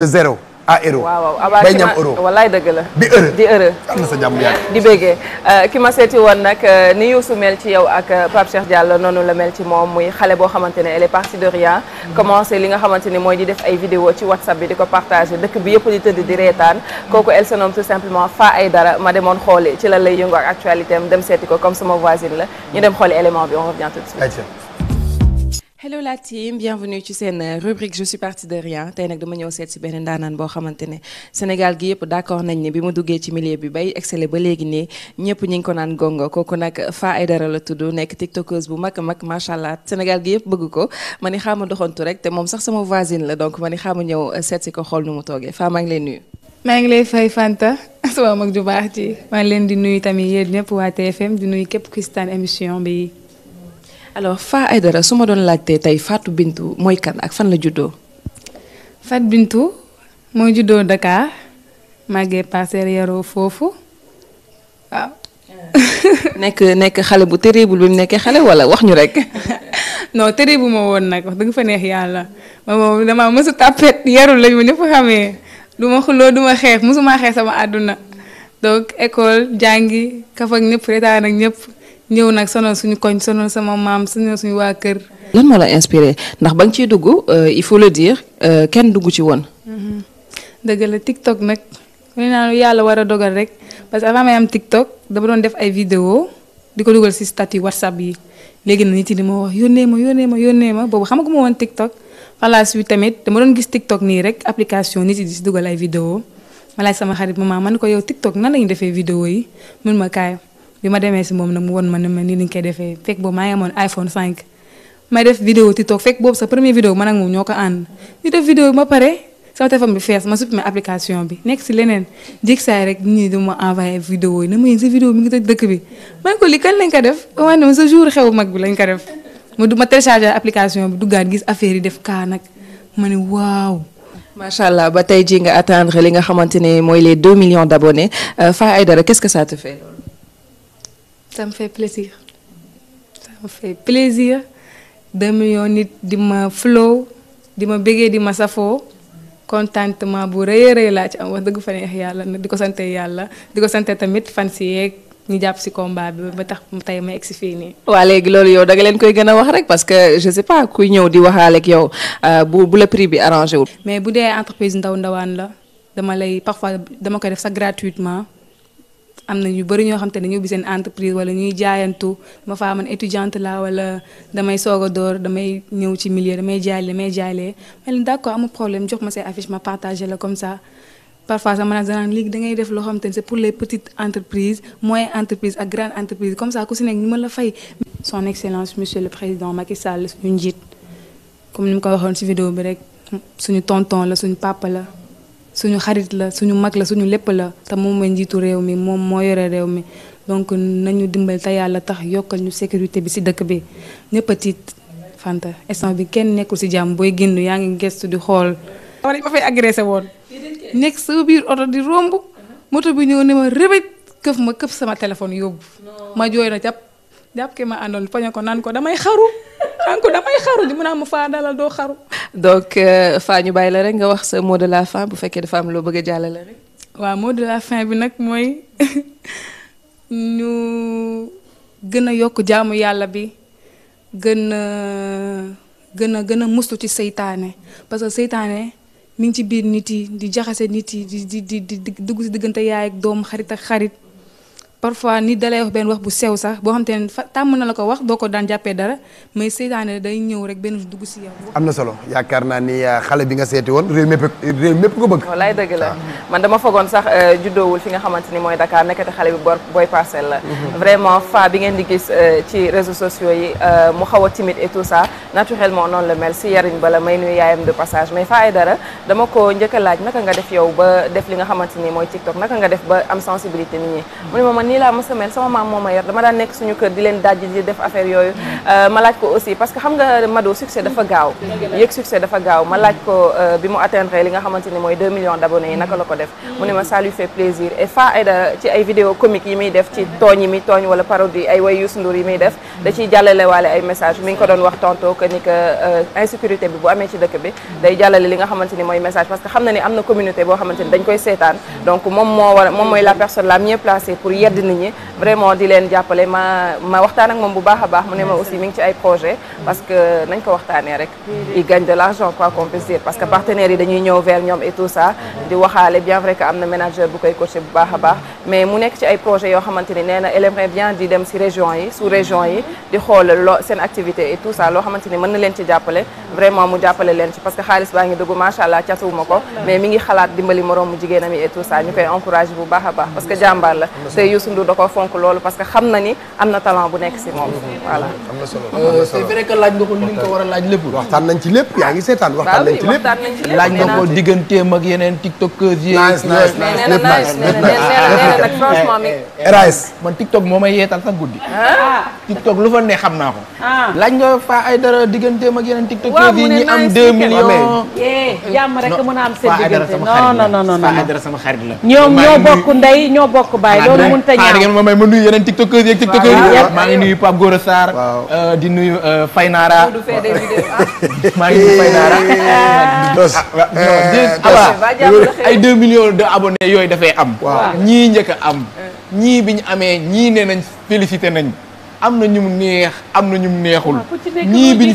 de zéro à euro. waaw bay ñam euro dëgg la. di di heure. am na di béggee euh, ki ma seeti woon nag euh, ni Youssou mel ci yow ak euh, Pape Cheikh Diallo noonu la mel ci moom muy xale boo xamante ne elle partie de rien. Mm-hmm. commencé li nga xamante ni mooy di def ay vidéo ci WhatsApp bi di ko partagé dëkk bi yëpp di tëdd di reetaan. kooku elle se nomme tout simplement Fa Aïdara ma demoon xooli ci lan lay yëngu ak actualité dem seeti ko comme sama voisine la. ñu dem xooli élément bi on revient tout de suite. hello la team bienvenue ci seen euh, rubrique je suis parti de rien tey nag dama ñëw seet si benn ndaanaan boo xamante ne Sénégal gi yëpp d'accord nañ ne bi mu duggee ci milieu bi bay exceller ba léegi nii ñëpp ñi ngi ko naan gongo kooku nag Fa Aidara la tudd nekk tiktokeuse bu mag a macha allah Sénégal gi yëpp bëgg ko ma ni xaama doxantu rek te moom sax sama voisine la donc ma ni xaama ñëw euh, seet si ko xool nu mu toogee Fa maa ngi lay nuyu. maa ngi lay fay Fanta sama baax maa ngi leen di nuyu tamit yéen ñëpp waa TFM di nuyu képp ku seetaan émission bi. alors Fa Aidara su ma doon laajtee tey Fatou bintu mooy kan ak fan la juddoo. Fatou Bintou mooy juddoo Dakar màggee Passer yaroo foofu waaw. nekk nekk xale bu terrible bi mu nekkee xale wala wax ñu rek. noo terrible bu ma woon nag wax dëgg fa neex yàlla ma moom damaa mësu tàppet yarul lañu ñëpp xamee du xuloo du ma xeex mësumaa xeex sama àdduna donc école jàngi kaf ak ñëpp retaan ak ñëpp. ñëw nag sonal suñu koñ sonal sama maam sonal suñu waa kër. lan moo la inspiré ndax ba nga ciy dugg euh, il faut le dire euh, kenn dugg ci woon. Mm-hmm. dëgg la TikTok nag nee naa yàlla war a dogal rek parce que avant may am TikTok dama doon def ay video di ko dugal si statut WhatsApp yi léegi na nit yi di ma wax yónnee ma yonnee ma yónnee ma boobu xam nga ma woon TikTok. par la suite tamit dama doon gis TikTok nii rek application nit yi di si dugal ay vidéo ma laaj sama xarit ma ma man ko yow TikTok nan la ñuy defee vidéo yi mun ma kaay. bi ma demee si moom na mu won man ne ma nii lañ koy defee fekk boobu maa ngi amoon iPhone 5 may def vidéo TikTok fekk boobu sa premier vidéo ma ak moom ñoo ko ànd ñu def vidéo bi ma pare bi fees ma supprimé application bi nekk si leneen jéeg saay rek nit ñi dama envoyé vidéo yi na ma yéen sa mi ngi toj dëkk bi ma ne ko li kan lañ def ma ne ma sa jour xew mag bi lañ ko def ma du ma téléchargé application bi duggaat gis affaire yi def kaa nag ma ne waaw. macha allah ba tey jii nga atteindre li nga xamante ne mooy les deux millions d' abonnés euh, Fa Aïdara quest que sa te fait. ça me fait plaisir ça me fait plaisir deux nit di ma flow di ma bëggee di ma safoo contentement bu rëy a rëy laa ci am wax dëgg fa neex yàlla nag di ko sante yàlla di ko sante tamit fan si yeeg ñu jàpp si combat bi ba tax tey ma egg si fii nii. waa léegi loolu yow da leen koy gën a wax rek parce que je sais pas kuy ñëw di waxaale yow euh, bu bu la prix bi arrangé wul. mais bu dee entreprise ndaw ndawaan la dama lay parfois dama koy def sax gratuitement. am na ñu bëri ñoo xam te ne ñu bi seen entreprise wala ñuy jaayantu ma faa man étudiante la wala damay soog a door damay ñëw ci milieu damay jaay damay jaaylee ma leen d'accord amul problème jox ma say affiche ma partagé la comme ça parfois sax maanaam danaan léegi da ngay def loo xam te ne c'est pour les petites entreprises moyennes entreprises ak grandes entreprises comme sa ku si nekk ñu mën la fay. son excellence monsieur le président Macky Sall suñu njiit comme ni mu ko waxoon ci vidéo bi rek suñu tonton la suñu papa la. suñu xarit la suñu mag la suñu lépp la te moom mooy njiitu réew mi moom moo yore réew mi donc nañu dimbali te yàlla tax yokkal ñu sécurité bi ci dëkk bi ñëpp a tiit Fanta instant bi kenn nekkul ci jàmm booy génn yaa ngi gestu di xool. wala ma fay agressé woon. nekk sa biir oto di romb. moto bi ñëw ne ma rëbët këf ma këf sama téléphone yóbbu. ma jooy na jàpp jàpp ki ma àndoon poñe ko naan ko damay xaru naan ko damay xaru di mun a am faa dalal doo xaru. donc euh, faa ñu bàyyi la rek nga wax sa mot de la fin bu fekkee dafa am loo bëgg a jàllale rek. waaw mot de la fin bi nag mooy ñu gën a yokk jaamu yàlla bi gën a gën a gën a mustu ci seytaane parce que seytaane mi ngi ci biir nit yi di jaxase nit yi di di di di dugg si diggante yaay ak doom xarit ak xarit. parfois nit dalay wax benn wax bu sew sax boo xam te ne fa tàmm na la ko wax doo ko daan jàppee dara mais seytaane day ñëw rek benn dugg si yow. am na solo yaakaar naa ni euh, xale bi nga seeti woon réew mépp réew mépp ko dëgg la man dama foogoon sax euh, juddoowul fi nga xamante ni mooy Dakar nekkati xale bi bor booy parcelle la. Mhm. vraiment fa bi ngeen di gis euh, ci réseaux sociaux yi mu xaw a timide et tout ça naturellement noonu la mel si yariñ bala may nuyu yaayam de passage mais fa ay dara dama ko njëkk laaj naka nga def yow ba def li nga xamante ni mooy TikTok naka nga def ba am sensibilité nit ñi. nii laa mës a mel sama maam moo ma yar dama daan nekk suñu kër di leen dajji di def affaire yooyu euh, ma laaj ko aussi parce que xam nga Mado succès dafa gaaw yëg succès dafa gaaw ma laaj ko euh, bi mu atteindre li nga xamante ni mooy 2 millions d'abonnés yi naka la ko def mu ne ma ça fait plaisir et Fa Aida ci ay vidéo comique yi muy def ci tooñ yi muy tooñ wala parodie ay way Youssou Ndour yi muy def da jàllale waale ay message mi ngi ko doon wax tantôt euh, na ni am na communauté boo xamante ni gindi nit ñi vraiment di leen jàppale ma ma moom bu baax a baax mu ne ma aussi mi ngi ci ay projet parce que nañ ko waxtaanee rek il gagne de l'argent quoi qu'on puisse parce que partenaires yi dañuy ñëw vers ñoom et tout ça di waxaale bien vrai que am na manager bu koy coacher bu baax a baax mais mu nekk ci ay projets yoo xamante ni nee na elle aimerait bien di dem si région yi sous région yi di xool loo seen activité et tout ça loo xamante ni mën na leen ci jàppale vraiment mu jàppale leen ci parce que xaalis baa ngi a baax parce que Youssou Ndour da ko fonk loolu parce que xam na ni am na talent bu nekk si moom mm-hmm. voilà. Mm-hmm. am na solo am na euh, solo c'est vrai que laaj nga ko ni nga a laaj lépp. waxtaan nañ ci lépp yaa ngi seetaan waxtaan nañ ah. lu fa ne xam naa ko. Ah. laaj nga fa ay dara diggante ak yeneen tiktokers yi ñi am 2 millions. jàmm rek mën a am seen diggante sama xarit la. ñoom ñoo bokk ndey ñoo bokk baay loolu mënta ñaaw da ngeen ma may ma nuyu yeneen tiktokers yeeg tiktokers maa ngi nuyu Pape Gora Sarr euh, di nuyu euh, naara ah. maa ngi nuyu Faynara ah, eh, ay deux yooyu dafay am ñii njëkk am eh. ñii bi amee ñii ne nañ félicité nañ am na ñu mu neex am na ñu mu neexul ñii bi